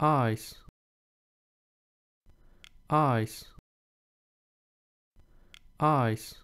eyes eyes eyes